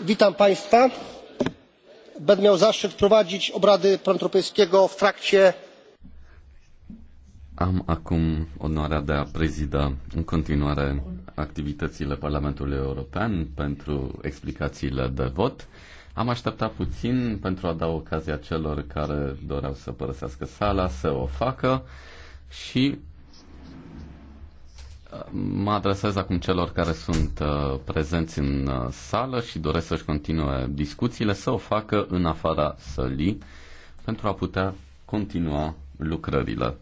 witam państwa. będę miał zaszczyt prowadzić obrady parlamentu europejskiego w trakcie. am acum onoarea de a prezida în continuare activitățile Parlamentului European pentru explicațiile de vot. Am așteptat puțin pentru a da ocazia celor care doreau să părăsească sala să o facă și Mă adresez acum celor care sunt uh, prezenți în uh, sală și doresc să-și continue discuțiile, să o facă în afara sălii pentru a putea continua lucrările.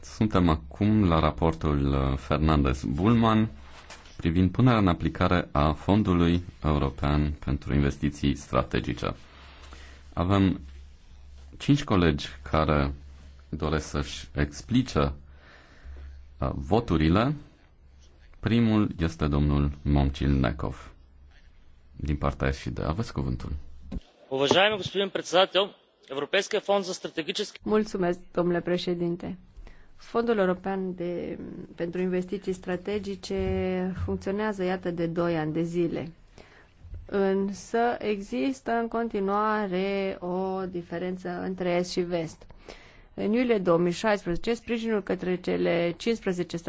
Suntem acum la raportul uh, Fernandez-Bulman privind punerea în aplicare a Fondului European pentru Investiții Strategice. Avem cinci colegi care doresc să-și explice Uh, voturile. Primul este domnul Momcil Nekov. Din partea și de aveți cuvântul. Mulțumesc, domnule președinte. Fondul European de, pentru Investiții Strategice funcționează, iată, de 2 ani de zile. Însă există în continuare o diferență între Est și Vest. Uh, în iulie 2016, sprijinul către cele 15 state